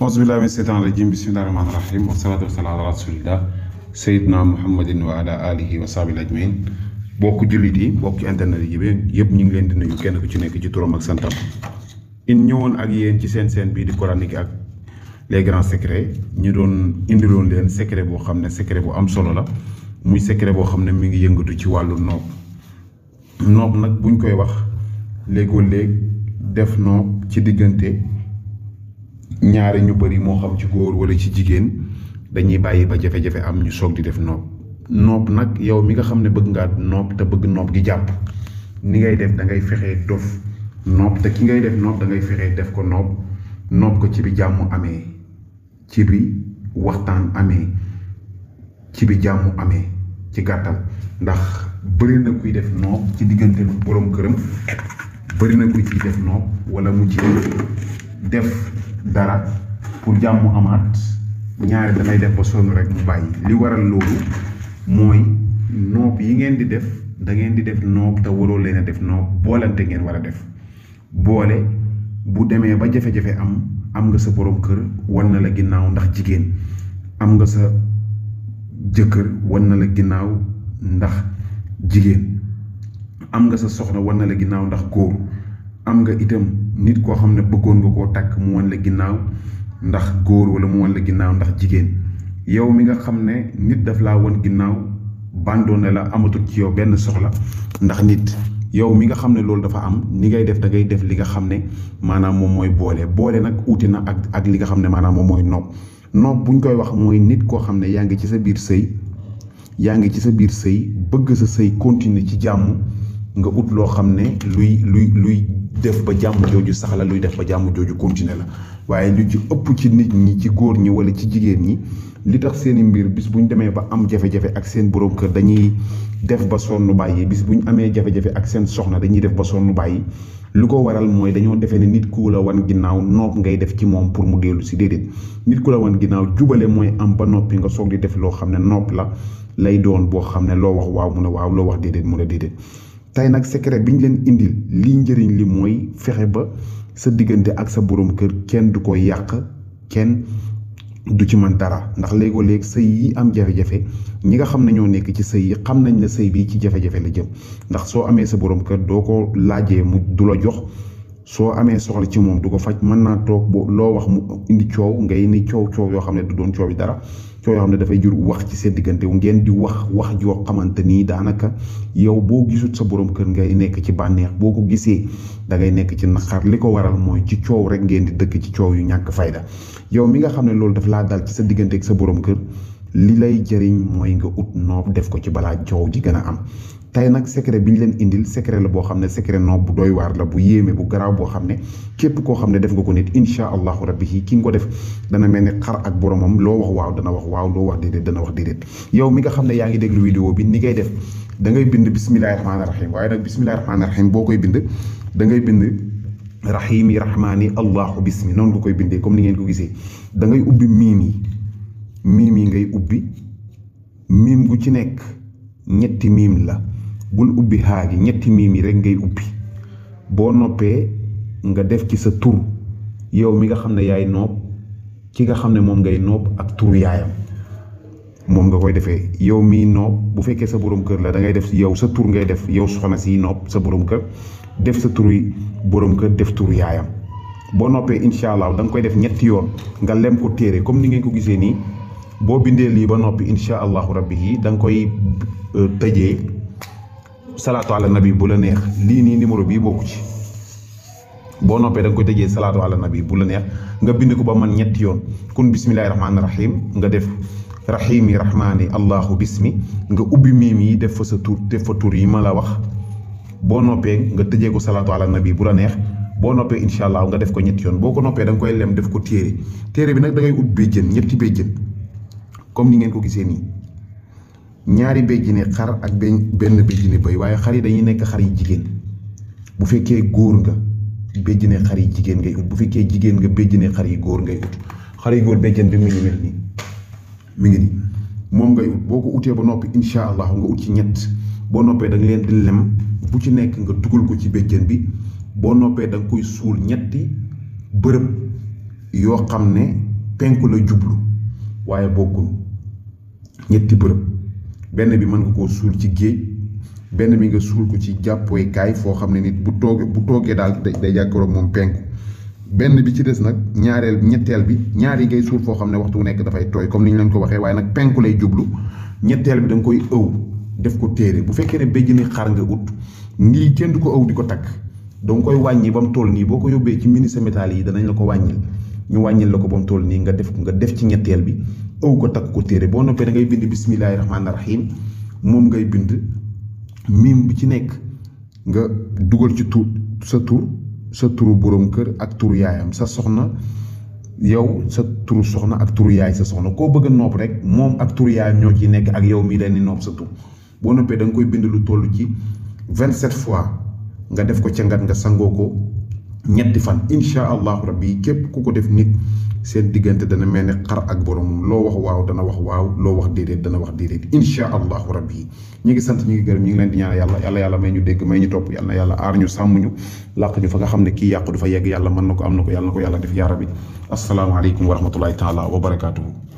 أعوذ بالله من الشيطان الرجيم بسم الله الرحمن الرحيم والصلاة والسلام على رسول الله سيدنا محمد وعلى آله وصحبه أجمعين بوكو جولي دي بوكو انترنت دي جيب ييب نيغي لين دي نيو كين كو سي نيك سي تورم اك سانتام ان نيون اك يين سي سين سين بي دي قرانيك اك لي غران سيكري ني دون اندي دون لين سيكري بو خامن سيكري بو ام سولو لا موي سيكري بو خامن ميغي ييغوتو سي والو نوب نوب نك بو نكوي واخ ليغو ليغ ديف نوب سي ديغنتي ñaari ñu bëri moo xam ci góor wala ci jigéen dañuy bàyyi ba jafe-jafe am ñu soog di def noob noob nag yow mi nga xam ne bëgg ngaa noob te bëgg noob gi jàpp ni ngay def da ngay fexe dof noob ki ngay def noob da ngay def ko noob noob ko ci bi jàmmu amee ci bi waxtaan amee ci bi jàmm amee ci gàttal ndax bëri na kuy def noob ci diggante borom këram bëri na kuy ci def noob wala mu ci def dara pour jàmm amaat ñaari dangay def ba sonn rek mu bàyyi li waral loolu mooy noob yi ngeen di def da ngeen di def noob te waroo leen a def noob boolante ngeen war a def boole bu demee ba jafe-jafe am am nga sa borom kër wan na la ginnaaw ndax jigéen am nga sa jëkkër wan na la ginnaaw ndax jigéen am nga sa soxna war na la ginnaaw ndax góor am nga itam nit koo xam ne bëggoon nga koo takk mu wan la ginnaaw ndax góor wala mu wan la ginnaaw ndax jigéen yow mi nga xam ne nit daf laa wan ginnaaw ne la amatul ci yow benn soxla ndax nit yow mi nga xam ne loolu dafa am ni ngay def da ngay def li nga xam ne maanaam moom mooy boole boole nag uuti na ak ak li nga xam ne maanaam moom mooy nopp nopp bu ñu koy wax mooy nit koo xam ne yaa ngi ci sa biir sëy yaa ngi ci sa biir sëy bëgg sa sëy continuer ci jàmm nga ut loo xam ne luy luy luy def ba jàmm jooju saxla luy def ba jàmm jooju continuer la waaye lu ju ëpp ci nit ñi ci góor ñi wala ci jigéen ñi li tax seeni mbir bis bu ñu demee ba am jafe-jafe ak seen borom kër dañuy def ba sonn bàyyi bis bu ñu amee jafe ak seen soxna dañuy def ba sonn bàyyi lu ko waral mooy dañoo defee ne nit ku la wan ginnaaw nopp ngay def ci moom pour mu dellu si déedéet nit ku la wan ginnaaw jubale mooy am ba noppi nga soog di def loo xam ne nopp la lay doon boo xam ne loo wax waaw mu ne waaw loo wax déedéet mu ne déedéet tey nag secret bi ñu leen indil lii njëriñ li mooy fexe ba sa diggante ak sa borom kër kenn du ko yàq kenn du ci mën dara ndax léegoo léeg sëy yi am jafe-jafe ñi nga xam ne ñoo nekk ci sëy yi xam nañ ne sëy bii ci jafe-jafe la jëm ndax soo amee sa borom kër doo ko laajee mu du la jox soo amee soxla ci moom du ko faj mën naa toog boo loo wax mu indi coow ngay ni coow coow yoo xam ne du doon coow yi dara coow yoo xam ne dafay jur wax ci seen diggante ngeen di wax wax joo xamante nii daanaka yow boo gisut sa borom kër ngay nekk ci bànneex boo ko gisee da ngay nekk ci naqar li ko waral mooy ci coow rek ngeen di dëkk ci coow yu ñàkk fayda yow mi nga xam ne loolu daf laa dal ci sa diggante ak sa borom kër li lay jëriñ mooy nga ut noob def ko ci balaa coow ji gën a am tey nag secret bi ñu leen indil secret la boo xam ne secret non bu doy waar la bu yéeme bu garaw boo xam ne képp koo xam ne def nga ko nit incha allahu rabbi yi ki nga ko def dana mel ni xar ak boromam loo wax waaw dana wax waaw loo wax dana wax déedéet yow mi nga xam ne yaa ngi déglu vidéo bi ni ngay def dangay ngay bind bismillahi rahmaani rahim waaye nag bismillahi rahmaani rahim boo koy bind dangay ngay bind rahimi rahmaani allahu bismi noonu nga koy bindee comme ni ngeen ko gisee da ngay ubbi miim yi miim yi ngay ubbi miim gu ci nekk ñetti miim la bul ubbi haaji ñetti mimi rek ngay ubbi bo noppé nga def ci sa tur yow mi nga xamné yaay nopp ki nga xamné mom ngay nopp ak tour yaayam mom nga koy defee yow mi nopp bu féké sa borom kër la da ngay def yow sa tour ngay def yow soxna si nopp sa borom kër def sa tour yi borom kër def tour yaayam bo noppé inshallah koy def ñetti yoon nga lem ko téré comme ni ngeen ko gisé ni bo bindé li ba noppi inshallah rabbi koy euh, tëjee salaatu ala nabi bu la neex lii nii numéro bii bokku ci boo noppee da nga koy tëjee salaatu ala nabi bu la neex nga bind ko ba man ñetti yoon kun bismillahi rahmaani rahim nga def rahimi rahmaani allahu bismi nga ubbi miim yi def fa sa tur def fa tur yi ma la wax boo noppee nga tëjee ko salaatu ala nabi bu la neex boo noppee incha allah nga def ko ñetti yoon boo ko noppee da koy lem def ko téere téere bi nag da ngay ut béjjën ñetti jën comme ni ngeen ko gisee nii. ñaari béjjini xar ak benn béjjini bëy waaye xar yi dañuy nekk xar yi jigéen bu fekkee góor nga béjjini xar yi jigéen ngay ut bu fekkee jigéen nga béjjini xar yi góor ngay ut góor béjjën bi mu ngi mel nii ngi moom ngay ut boo ko utee ba noppi incha allah nga ut ci ñett boo noppee danga leen di lem bu ci nekk nga dugal ko ci béjjën bi boo noppee da koy suul ñetti bërëb yoo xam ne penku la jublu waaye bokkul ñetti bërëb. benn bi mën nga koo suul ci géej benn bi nga suul ko ci jàppoykaay foo xam ne nit bu toogee bu toogee daal day jàkkaaroog moom penku benn bi ci des nag ñaareel ñetteel bi ñaar yi ngay suul foo xam ne waxtu nekk dafay tooy comme ni ñu leen ko waxee waaye nag penku lay jublu ñetteel bi danga koy ëw def ko téere bu fekkee ne ni xar nga ut nii kenn du ko ëw di ko takk danga koy wàññi ba tool nii boo ko yóbbee ci ministre métal yi danañ la ko wàññil ñu wàññil lako bam tol ni nga def nga def ci ñettel bi ëw ko tak ko téré bo noppé da ngay bind bismillahirrahmanirrahim mom ngay bind mim bi ci nek nga duggal ci tur sa tour sa touru borom kër ak tour yaayam sa soxna yow sa turu soxna ak turu yaay sa soxna ko bëgg nopp rek mom ak tour yaay ñoo ci nek ak yow mi leen ni nopp sa tour bo noppé da ngay bind lu tollu ci 27 fois nga def ko ci ngat nga sangoko ñetti fan incha allahu rabbi képp ku ko def nit seen diggante dana mel ni xar ak boromam loo wax waaw dana wax waaw loo wax déedéet dana wax déedéet incha allahu rabbi ñu ngi sant ñu ngi gërëm ñu ngi leen di ñaan yàlla yàlla yàlla may ñu dégg may ñu topp yàlla na yàlla aar ñu sàmm ñu làq ñu fa nga xam ne kii yàqu dafa fa yegg yàlla mën na ko am na ko yàlla na ko yàlla def yaa rabbi asalaamaaleykum wa rahmatullahi taala wa barakaatuhu